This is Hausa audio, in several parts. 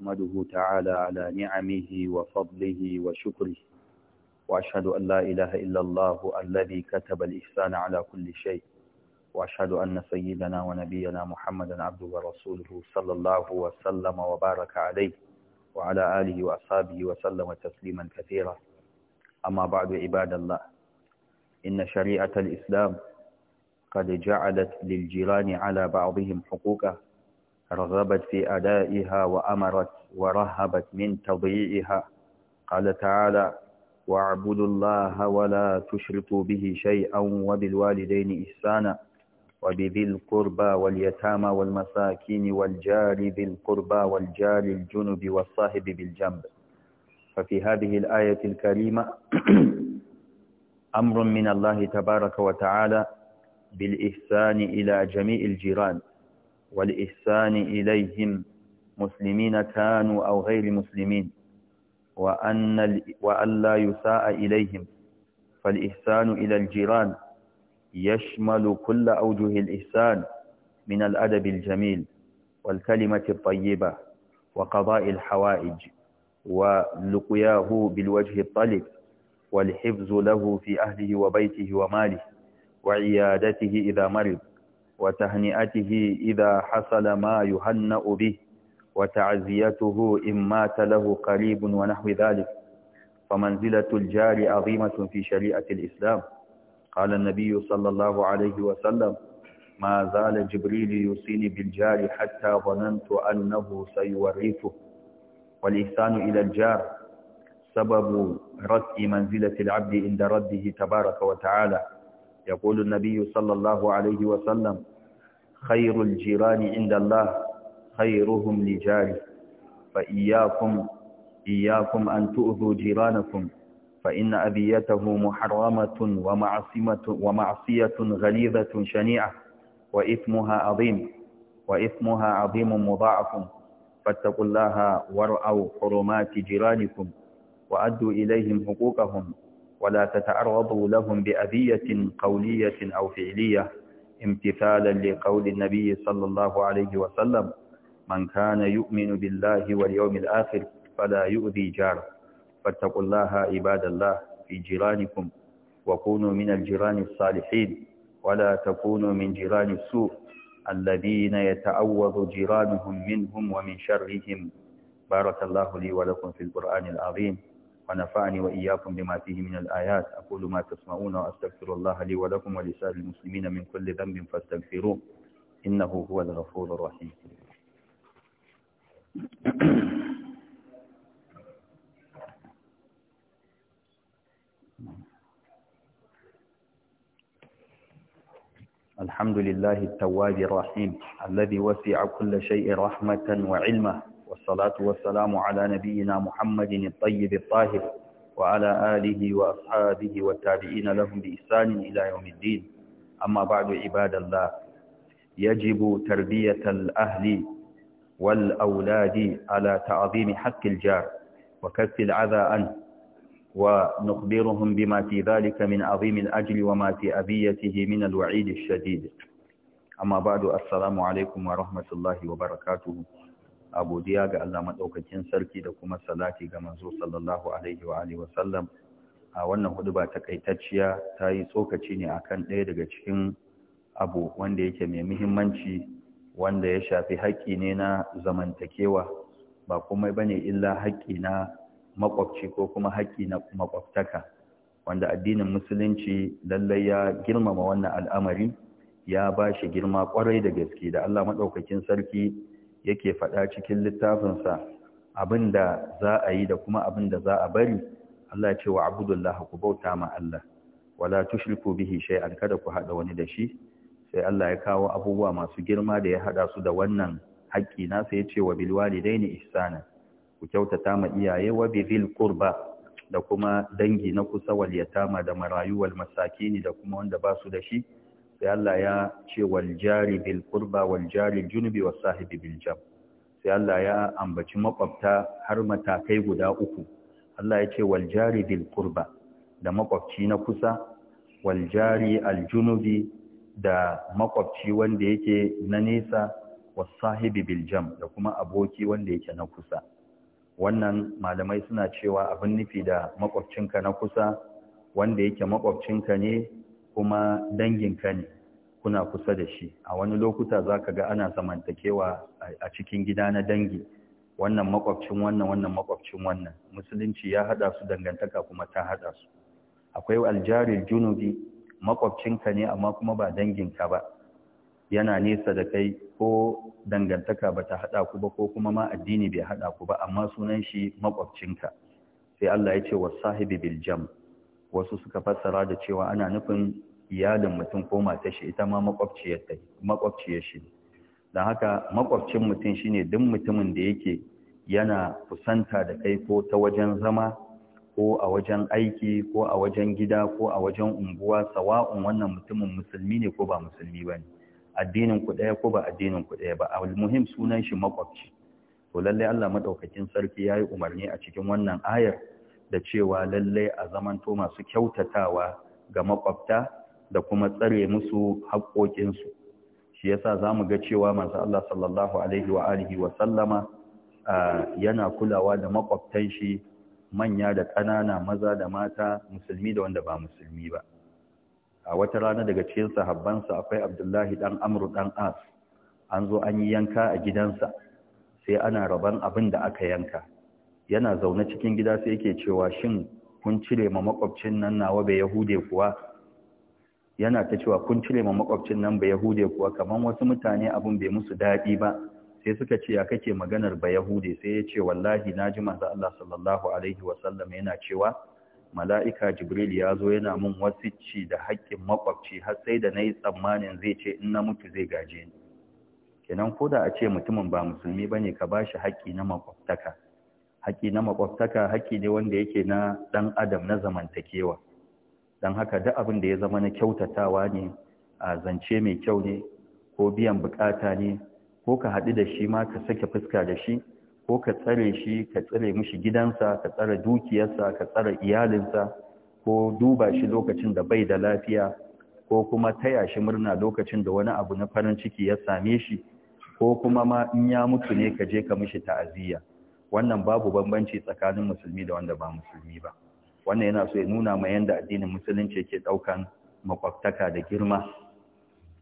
أحمده تعالى على نعمه وفضله وشكره وأشهد أن لا إله إلا الله الذي كتب الإحسان على كل شيء وأشهد أن سيدنا ونبينا محمدا عبده ورسوله صلى الله وسلم وبارك عليه وعلى آله وأصحابه وسلم تسليما كثيرا أما بعد عباد الله إن شريعة الإسلام قد جعلت للجيران على بعضهم حقوقه رغبت في أدائها وأمرت ورهبت من تضييعها قال تعالى واعبدوا الله ولا تشركوا به شيئا وبالوالدين إحسانا وبذي القربى واليتامى والمساكين والجار ذي القربى والجار الجنب والصاحب بالجنب ففي هذه الآية الكريمة أمر من الله تبارك وتعالى بالإحسان إلى جميع الجيران والإحسان إليهم مسلمين كانوا أو غير مسلمين وأن, وأن لا يساء إليهم فالإحسان إلى الجيران يشمل كل أوجه الإحسان من الأدب الجميل والكلمة الطيبة وقضاء الحوائج ولقياه بالوجه الطلب والحفظ له في أهله وبيته وماله وعيادته إذا مرض وتهنئته إذا حصل ما يهنأ به وتعزيته إن مات له قريب ونحو ذلك فمنزلة الجار عظيمة في شريعة الإسلام قال النبي صلى الله عليه وسلم ما زال جبريل يوصيني بالجار حتى ظننت أنه سيورثه والإحسان إلى الجار سبب رفع منزلة العبد عند رده تبارك وتعالى يقول النبي صلى الله عليه وسلم خير الجيران عند الله خيرهم لجاره فإياكم إياكم أن تؤذوا جيرانكم فإن أذيته محرمة ومعصمة ومعصية غليظة شنيعة وإثمها عظيم وإثمها عظيم مضاعف فاتقوا الله وارعوا حرمات جيرانكم وأدوا إليهم حقوقهم ولا تتعرضوا لهم بأذية قولية أو فعلية امتثالا لقول النبي صلى الله عليه وسلم من كان يؤمن بالله واليوم الآخر فلا يؤذي جاره فاتقوا الله عباد الله في جيرانكم وكونوا من الجيران الصالحين ولا تكونوا من جيران السوء الذين يتعوض جيرانهم منهم ومن شرهم بارك الله لي ولكم في القرآن العظيم ونفعني وإياكم بما فيه من الآيات أقول ما تسمعون وأستغفر الله لي ولكم ولسائر المسلمين من كل ذنب فاستغفروه إنه هو الغفور الرحيم الحمد لله التواب الرحيم الذي وسع كل شيء رحمة وعلمه والصلاة والسلام على نبينا محمد الطيب الطاهر وعلى آله وأصحابه والتابعين لهم بإحسان إلى يوم الدين أما بعد عباد الله يجب تربية الأهل والأولاد على تعظيم حق الجار وكف العذى عنه ونخبرهم بما في ذلك من عظيم الأجل وما في أبيته من الوعيد الشديد أما بعد السلام عليكم ورحمة الله وبركاته a godiya ga Allah maɗaukakin sarki da kuma salati ga manzo sallallahu alaihi wa alihi wasallam a wannan hudu ba takaitacciya ta yi tsokaci ne akan ɗaya daga cikin abu wanda yake mai muhimmanci wanda ya shafi haƙƙi ne na zamantakewa ba komai bane illa haƙƙi na makwabci ko kuma haƙƙi na makwabtaka wanda addinin musulunci lallai ya girmama wannan al'amari ya ba shi girma kwarai da gaske da Allah maɗaukakin sarki yake faɗa cikin littafinsa abin da za a yi da kuma abin da za a bari Allah ce wa abudullah ku bauta ma Allah wala tushriku bihi shay'an kada ku hada wani da shi sai Allah ya kawo abubuwa masu girma da ya hada su da wannan haƙƙi na sai ya ce wa bil walidaini ihsana ku kyautata ma iyaye wa bil qurba da kuma dangi na kusa wal yatama da marayu wal masakini da kuma wanda ba su da shi sai Allah ya ce wal jari bil qurba wal junubi was sahibi bil jam sai Allah ya ambaci makwabta har matakai guda uku Allah ya ce wal jari bil qurba da makwabci na kusa waljari aljunubi da makwabci wanda yake na nesa was sahibi bil jam da kuma aboki wanda yake na kusa wannan malamai suna cewa abin nufi da makwabcinka na kusa wanda yake makwabcinka ne kuma danginka ne kuna kusa da shi a wani lokuta za ka ga ana zamantakewa a cikin gida na dangi wannan makwabcin wannan wannan makwabcin wannan musulunci ya hada su dangantaka kuma ta hada su akwai aljarin junubi makwabcinka ne amma kuma ba danginka ba yana nesa da kai ko dangantaka ba ta hada ku ba ko kuma ma addini bai hada ku ba amma sunan shi makwabcinka sai Allah ya ce wasahibi bil jam' wasu suka fassara da cewa ana nufin iyalin mutum ko matar shi ita ma makwabciyar shi da haka makwabcin mutum shine duk mutumin da yake yana kusanta da kai ko ta wajen zama ko a wajen aiki ko a wajen gida ko a wajen unguwa sawa'un wannan mutumin musulmi ne ko ba musulmi ba addinin ku ɗaya ko ba addinin ku ɗaya ba almuhim sunan shi makwabci to lallai Allah madaukakin sarki yayi umarni a cikin wannan ayar da cewa lallai a zamanto masu kyautatawa ga makwabta da kuma tsare musu haƙoƙinsu shi yasa za mu ga cewa masu Allah sallallahu alaihi wa alihi wa sallama yana kulawa da makwabtan shi manya da ƙanana maza da mata musulmi da wanda ba musulmi ba a wata rana daga cikin sahabbansa akwai abdullahi ɗan amru ɗan as an zo an yi yanka a gidansa sai ana rabon abin da aka yanka yana zaune cikin gida sai yake cewa shin kun cire ma makwabcin nan nawa bai yahude kuwa yana ta cewa kun cire ma makwabcin nan bai yahude kuwa Kamar wasu mutane abun bai musu daɗi ba sai suka ce ya kake maganar bai yahude sai ya ce wallahi na ji manzo Allah sallallahu alaihi sallam yana cewa mala'ika jibril ya zo yana mun wasicci da haƙƙin makwabci har sai da na yi tsammanin zai ce in na mutu zai gaje ni kenan ko da a ce mutumin ba musulmi ba ne ka bashi shi haƙƙi na makwabtaka haƙi na makwabtaka haƙi ne wanda yake na ɗan adam na zamantakewa don haka da abin da ya zama na kyautatawa ne a zance mai kyau ne ko biyan bukata ne ko ka haɗu da shi ma ka sake fuska da shi ko ka tsare shi ka tsare mishi gidansa ka tsare dukiyarsa ka tsare iyalinsa ko duba shi lokacin da bai da lafiya ko kuma taya shi murna lokacin da wani abu na farin ciki ya same shi ko kuma ma in ya mutu ne ka je ka mishi ta'aziyya wannan babu bambanci tsakanin musulmi da wanda ba musulmi ba wannan yana so ya nuna ma yanda addinin musulunci yake daukan makwabtaka da girma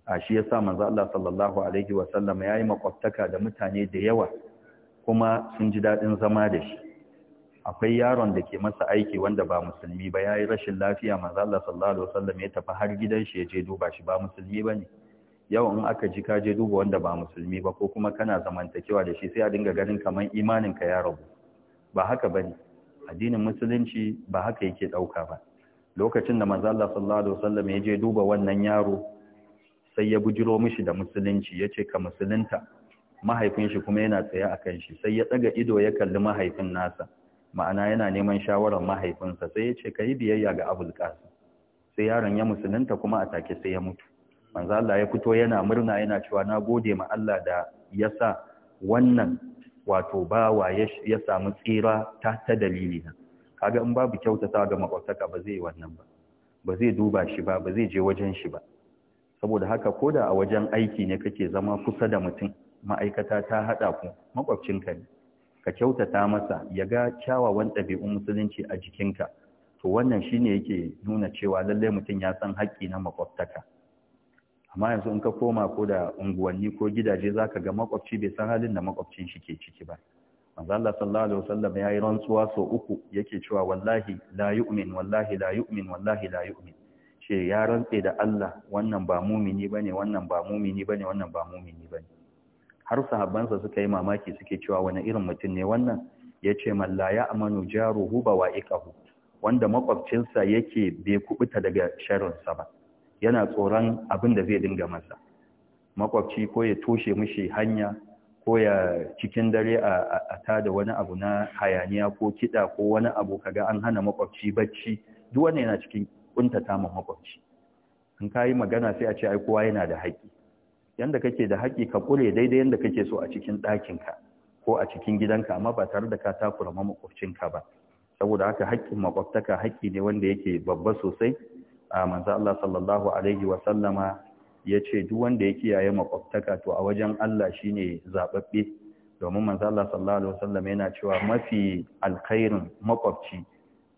a shi yasa manzo Allah sallallahu alaihi wa sallam yayi makwabtaka da mutane da yawa kuma sun ji dadin zama da shi akwai yaron da ke masa aiki wanda ba musulmi ba yayi rashin lafiya manzo Allah sallallahu alaihi wa sallam ya tafi har gidan shi ya je duba shi ba musulmi bane Yau in aka ji ka je duba wanda ba musulmi ba ko kuma kana zamantakewa da shi sai a dinga ganin kamar imaninka ya rabu ba haka bane addinin musulunci ba haka yake dauka ba lokacin da manzo Allah sallallahu alaihi wasallam ya je duba wannan yaro sai ya bujiro mishi da musulunci yace ka musulunta mahaifin shi kuma yana tsaye akan shi sai ya tsaga ido ya kalli mahaifin nasa ma'ana yana neman shawarar mahaifinsa sai ya ce ka yi biyayya ga abul qasim sai yaron ya musulunta kuma a take sai ya mutu manzo Allah ya fito yana murna yana cewa na gode ma Allah da yasa wannan wato bawa ya samu tsira ta ta dalili na kaga in babu kyautata ga makwataka ba zai wannan ba ba zai duba shi ba ba zai je wajen shi ba saboda haka koda a wajen aiki ne kake zama kusa da mutum ma'aikata ta hada ku makwabcinka ne ka kyautata masa ya ga kyawawan ɗabi'un musulunci a jikinka to wannan shine yake nuna cewa lallai mutum ya san haƙƙi na makwabtaka amma yanzu in ka koma ko da unguwanni ko gidaje za ka ga makwabci bai san halin da makwabcin shi ke ciki ba manzo Allah sallallahu alaihi wasallam yi rantsuwa so uku yake cewa wallahi la yu'min wallahi la yu'min wallahi la yu'min she ya rantse da Allah wannan ba mumini bane wannan ba mumini bane wannan ba mumini bane har sahabbansa suka yi mamaki suke cewa wani irin mutum ne wannan yace man la ya'manu jaruhu bawa'iqahu wanda makwabcinsa yake bai kubuta daga sharrinsa ba yana tsoron abin da zai dinga masa makwabci ko ya toshe mishi hanya ko ya cikin dare a tada wani abu na hayaniya ko kiɗa ko wani abu kaga an hana makwabci bacci duk wanda yana cikin kuntata ma makwabci in ka yi magana sai a ce ai kowa yana da haƙƙi yanda kake da haƙƙi ka kure daidai yanda kake so a cikin ɗakinka ko a cikin gidanka amma ba tare da ka takura makwabcinka ba saboda haka haƙƙin makwabtaka haƙƙi ne wanda yake babba sosai a manzo Allah sallallahu alaihi wa sallama yace duk wanda ya kiyaye makwabtaka to a wajen Allah shine zababbe domin manzo Allah sallallahu alaihi wa sallama yana cewa mafi alkhairin makwabci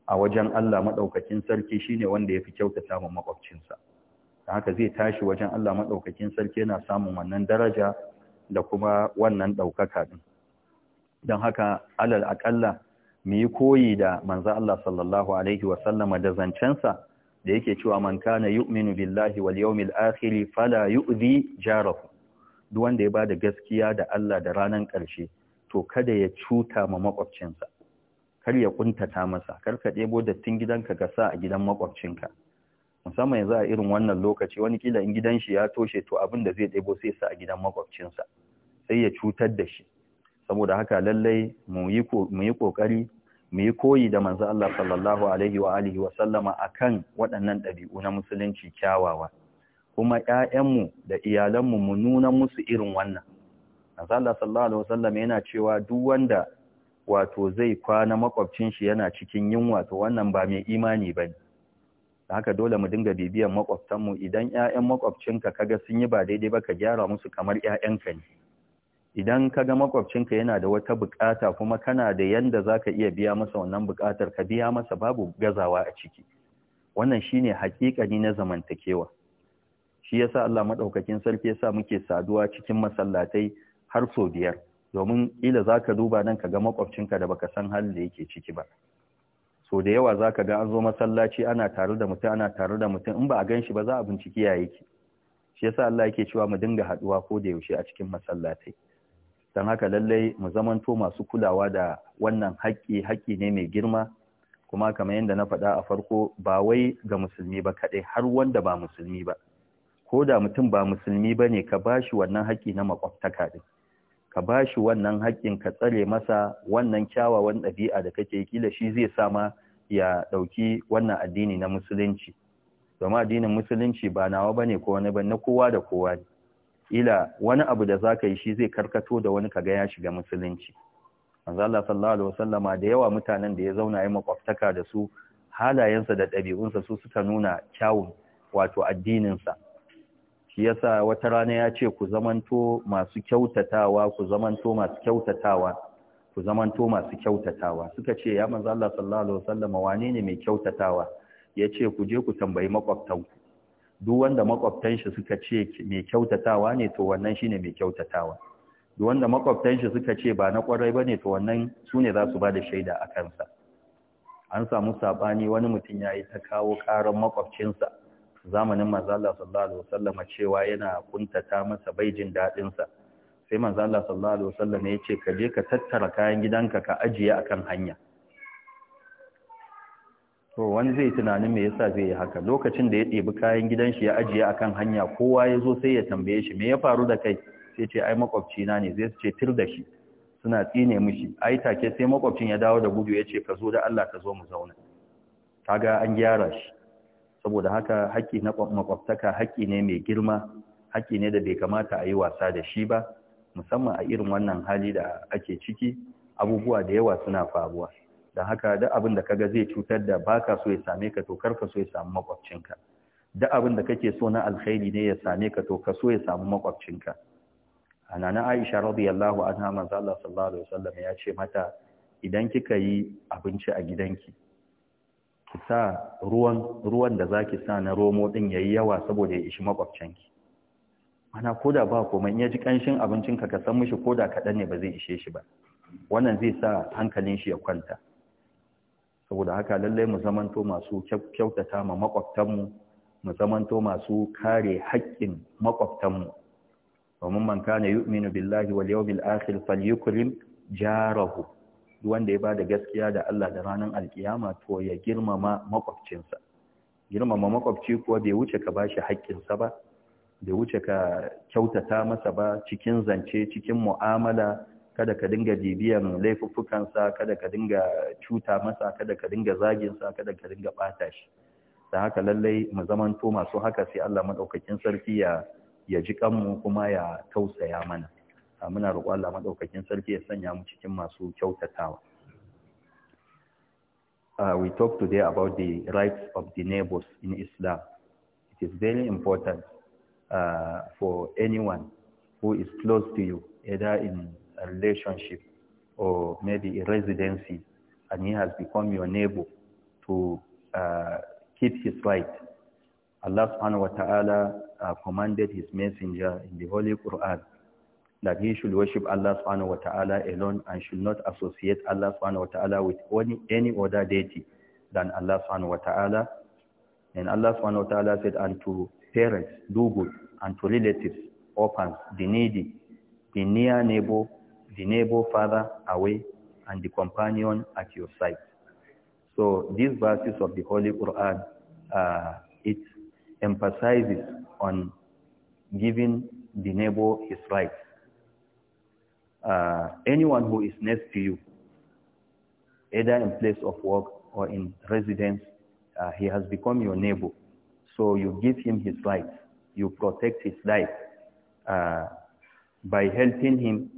a wajen Allah maɗaukakin sarki shine wanda ya fi kyautata ma makwabcinsa don haka zai tashi wajen Allah madaukakin sarki yana samun wannan daraja da kuma wannan ɗaukaka. din don haka alal akalla mu yi koyi da manzo Allah sallallahu alaihi wa sallama da zancensa da yake cewa man kana yu'minu billahi wal yawmil akhir fala yu'dhi jarahu duk wanda ya bada gaskiya da Allah da ranan karshe to kada ya cuta ma makwabcinsa kar ya kuntata masa kar ka debo dattin gidanka ka sa a gidan makwabcinka musamman yanzu a irin wannan lokaci wani kila in gidan shi ya toshe to abin da zai debo sai sa a gidan makwabcinsa sai ya cutar da shi saboda haka lallai mu yi kokari mu yi koyi da manzo Allah sallallahu alaihi wa alihi wa sallama akan waɗannan ɗabi'u na musulunci kyawawa kuma ƴaƴanmu da iyalanmu mu nuna musu irin wannan manzo Allah sallallahu alaihi wa sallam yana cewa duk wanda wato zai kwana makwabcin shi yana cikin yunwa to wannan ba mai imani bane haka dole mu dinga bibiyan makwabtanmu idan ƴaƴan makwabcinka kaga sun yi ba daidai ba ka gyara musu kamar ƴaƴanka ne idan ka ga makwabcinka yana da wata bukata kuma kana da yanda ka iya biya masa wannan bukatar ka biya masa babu gazawa a ciki wannan shine hakikani na zamantakewa shi yasa Allah madaukakin sarki yasa muke saduwa cikin masallatai har so biyar domin ila za ka duba nan ka ga makwabcinka da baka san halin da yake ciki ba so da yawa za ka ga an zo masallaci ana tare da mutum ana tare da mutum in ba a gan shi ba za a binciki ya yake shi yasa Allah yake cewa mu dinga haduwa ko da yaushe a cikin masallatai don haka lallai mu zamanto masu kulawa da wannan haƙƙi haƙƙi ne mai girma kuma kamar yadda na faɗa a farko ba wai ga musulmi ba kaɗai har wanda ba musulmi ba ko da mutum ba musulmi ba ne ka ba shi wannan haƙƙi na makwabtaka ɗin ka ba shi wannan haƙƙin ka tsare masa wannan kyawawan ɗabi'a da kake kila shi zai sa ma ya ɗauki wannan addini na musulunci domin addinin musulunci ba nawa ba ne ko wani ba na kowa da kowa ne ila wani abu da zaka yi shi zai karkato da wani kaga ya shiga musulunci manzo Allah sallallahu alaihi wasallama da yawa mutanen da ya zauna yi makwaftaka da su halayensa da ɗabi'unsa su suka nuna kyawun wato addininsa shi yasa wata rana ya ce ku zamanto masu kyautatawa ku zamanto masu kyautatawa ku zamanto masu kyautatawa suka ce ya manzo Allah sallallahu alaihi wasallama wane ne mai kyautatawa yace ku je ku tambayi makwabtanku duk wanda makwabtan shi suka ce mai kyautatawa ne to wannan shine mai kyautatawa duk wanda makwabtan shi suka ce ba na kwarai bane to wannan sune za su ba da shaida a kansa an samu sabani wani mutum yayi ta kawo karan sa zamanin manzo Allah sallallahu alaihi wasallam cewa yana kuntata masa baijin jin dadin sa sai manzo Allah sallallahu alaihi wasallam ya ce ka je ka tattara kayan gidanka ka ajiye akan hanya to wani zai tunanin me yasa zai yi haka lokacin da ya ɗebi kayan gidan shi ya ajiye akan hanya kowa ya zo sai ya tambaye shi me ya faru da kai sai ce ai makwabci na ne zai ce tir da shi suna tsine mishi ai take sai makwabcin ya dawo da gudu ya ce ka zo da Allah ka zo mu zauna kaga an gyara shi saboda haka haƙƙi na makwabtaka haƙƙi ne mai girma haƙƙi ne da bai kamata a yi wasa da shi ba musamman a irin wannan hali da ake ciki abubuwa da yawa suna faruwa da haka da abin da kaga zai cutar da baka so ya same ka to karka so ya samu makwabcinka da abin da kake so na alkhairi ne ya same ka to ka so ya samu makwabcinka anana Aisha radiyallahu anha manzo Allah sallallahu alaihi wasallam ya ce mata idan kika yi abinci a gidanki ki sa ruwan ruwan da zaki sa na romo din yayi yawa saboda ya ishi makwabcinki ana koda ba komai in ya ji kanshin abincinka ka san mishi koda kadan ne ba zai ishe shi ba wannan zai sa hankalin shi ya kwanta saboda haka lallai mu zamanto masu kyautata ma makwabtanmu mu zamanto masu kare haƙƙin makwabtanmu domin man kana yu'minu billahi wal yawmil akhir falyukrim jarahu wanda ya bada gaskiya da Allah da ranar alkiyama to ya girmama makwabcinsa girmama makwabci kuwa bai wuce ka bashi haƙƙinsa ba bai wuce ka kyautata masa ba cikin zance cikin mu'amala kada ka dinga bibiyan laifuffukansa kada ka dinga cuta masa kada ka dinga zaginsa kada ka dinga bata shi da haka lallai mu zamanto masu haka sai Allah madaukakin sarki ya ya ji kanmu kuma ya tausaya mana muna roƙo Allah maɗaukakin sarki ya sanya mu cikin masu kyautatawa Uh, we talk today about the rights of the neighbors in Islam. It is very important uh, for anyone who is close to you, either in a relationship or maybe a residency and he has become your neighbor to uh, keep his right. Allah subhanahu wa ta'ala uh, commanded his messenger in the Holy Quran that he should worship Allah subhanahu wa ta'ala alone and should not associate Allah subhanahu wa ta'ala with any, any other deity than Allah subhanahu wa ta'ala. And Allah subhanahu wa ta'ala said, unto parents, do good, and to relatives, orphans, the needy, the near neighbor, the neighbor farther away and the companion at your side. So these verses of the Holy Quran, uh, it emphasizes on giving the neighbor his rights. Uh, anyone who is next to you, either in place of work or in residence, uh, he has become your neighbor. So you give him his rights. You protect his life uh, by helping him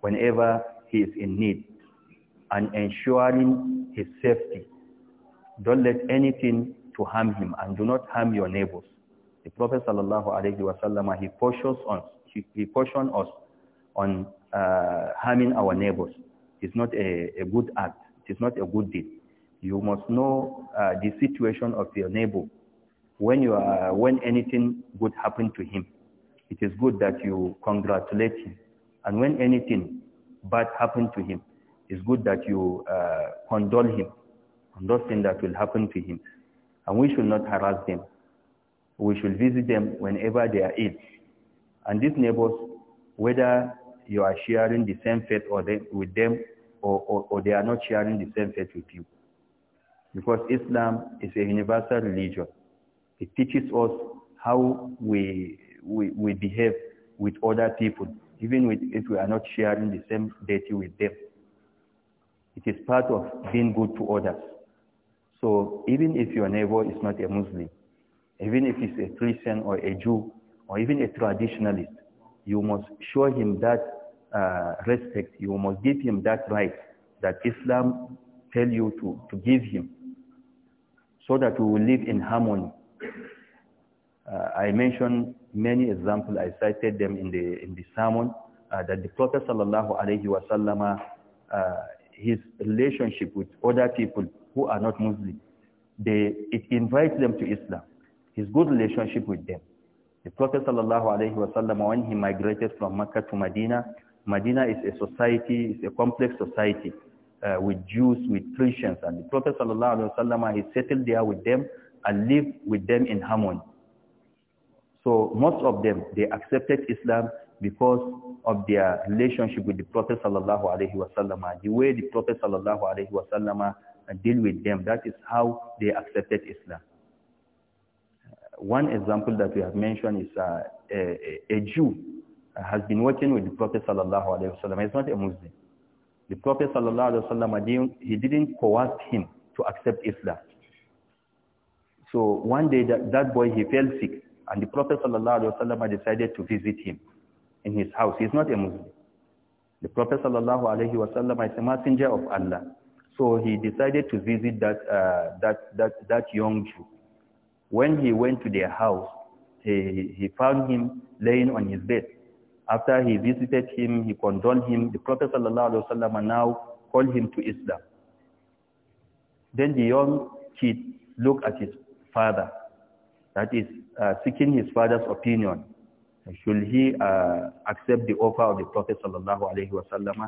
whenever he is in need and ensuring his safety. Don't let anything to harm him and do not harm your neighbors. The Prophet sallallahu alaihi wasallam he cautions us, he, he cautions us on uh, harming our neighbors. It's not a, a good act. It's not a good deed. You must know uh, the situation of your neighbor when you are when anything good happened to him. It is good that you congratulate him and when anything bad happened to him, it's good that you uh, condole him on those things that will happen to him. And we should not harass them. We should visit them whenever they are ill. And these neighbors, whether you are sharing the same faith or they, with them or, or, or they are not sharing the same faith with you. Because Islam is a universal religion. It teaches us how we, we, we behave with other people even if we are not sharing the same deity with them. It is part of being good to others. So even if your neighbor is not a Muslim, even if he's a Christian or a Jew or even a traditionalist, you must show him that uh, respect. You must give him that right that Islam tell you to, to give him so that we will live in harmony. Uh, I mentioned many examples. I cited them in the, in the sermon uh, that the Prophet sallallahu alayhi wasallam uh, his relationship with other people who are not Muslim, they, it invites them to Islam. His good relationship with them. The Prophet sallallahu alayhi wasallam when he migrated from Mecca to Medina, Medina is a society, it's a complex society uh, with Jews, with Christians. And the Prophet sallallahu alayhi wasallam he settled there with them and lived with them in harmony. So most of them, they accepted Islam because of their relationship with the Prophet sallallahu alaihi wasallam. The way the Prophet sallallahu alaihi deal with them, that is how they accepted Islam. Uh, one example that we have mentioned is uh, a, a, Jew has been working with the Prophet sallallahu alaihi wasallam. He's not a Muslim. The Prophet sallallahu alaihi wasallam, he didn't coerce him to accept Islam. So one day that, that boy, he fell sick. And the Prophet ﷺ decided to visit him in his house. He's not a Muslim. The Prophet ﷺ is a messenger of Allah. So he decided to visit that, uh, that, that, that young Jew. When he went to their house, he, he found him laying on his bed. After he visited him, he condoned him. The Prophet ﷺ now called him to Islam. Then the young kid looked at his father that is uh, seeking his father's opinion. Should he uh, accept the offer of the Prophet sallallahu alaihi wasallam?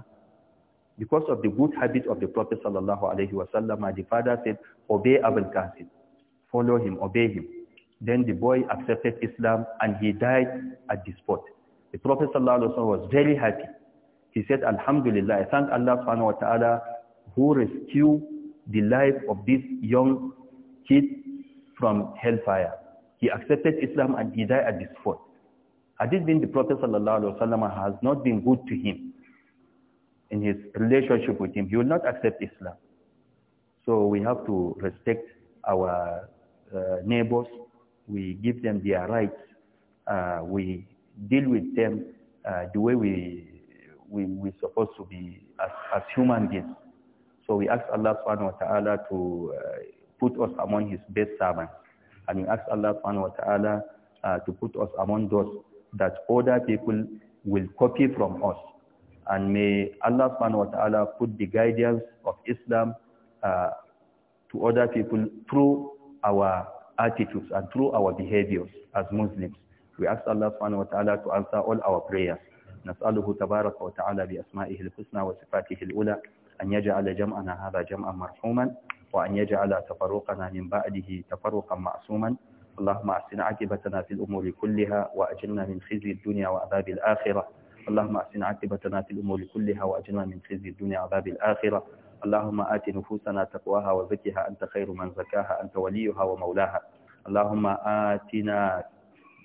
Because of the good habit of the Prophet sallallahu alaihi wasallam, the father said, "Obey Abul Qasim, follow him, obey him." Then the boy accepted Islam and he died at the spot. The Prophet sallallahu alaihi wasallam was very happy. He said, "Alhamdulillah, I thank Allah subhanahu wa taala who rescued the life of this young kid from hellfire." He accepted Islam and he died at this fort. Had it been the Prophet ﷺ has not been good to him in his relationship with him, he will not accept Islam. So we have to respect our uh, neighbors. We give them their rights. Uh, we deal with them uh, the way we, we, we're supposed to be as, as human beings. So we ask Allah subhanahu wa ta'ala to uh, put us among his best servants. And we ask Allah subhanahu wa ta'ala uh, to put us among those that other people will copy from us. And may Allah subhanahu wa ta'ala put the guidance of Islam uh, to other people through our attitudes and through our behaviors as Muslims. We ask Allah subhanahu wa ta'ala to answer all our prayers. نسأله تبارك وتعالى بأسمائه الحسنى وصفاته الأولى أن يجعل جمعنا هذا جمعا مرحوما وأن يجعل تفرقنا من بعده تفرقا معصوما اللهم أحسن عاقبتنا في الأمور كلها وأجلنا من خزي الدنيا وعذاب الآخرة اللهم أحسن عاقبتنا في الأمور كلها وأجلنا من خزي الدنيا وعذاب الآخرة اللهم آت نفوسنا تقواها وزكها أنت خير من زكاها أنت وليها ومولاها اللهم آتنا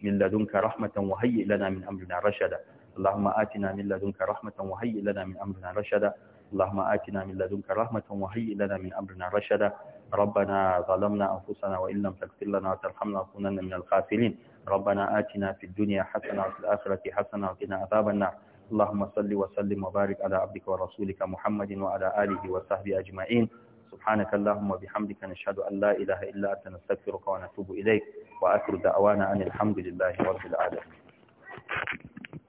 من لدنك رحمة وهيئ لنا من أمرنا رشدا اللهم آتنا من لدنك رحمة وهيئ لنا من أمرنا رشدا اللهم آتنا من لدنك رحمة وهيئ لنا من أمرنا رشدا ربنا ظلمنا أنفسنا وإن لم تغفر لنا وترحمنا لنكونن من الخاسرين ربنا آتنا في الدنيا حسنة وفي الآخرة حسنة وقنا عذاب النار اللهم صل وسلم وبارك على عبدك ورسولك محمد وعلى آله وصحبه أجمعين سبحانك اللهم وبحمدك نشهد أن لا إله إلا أنت نستغفرك ونتوب إليك وآخر دعوانا أن الحمد لله رب العالمين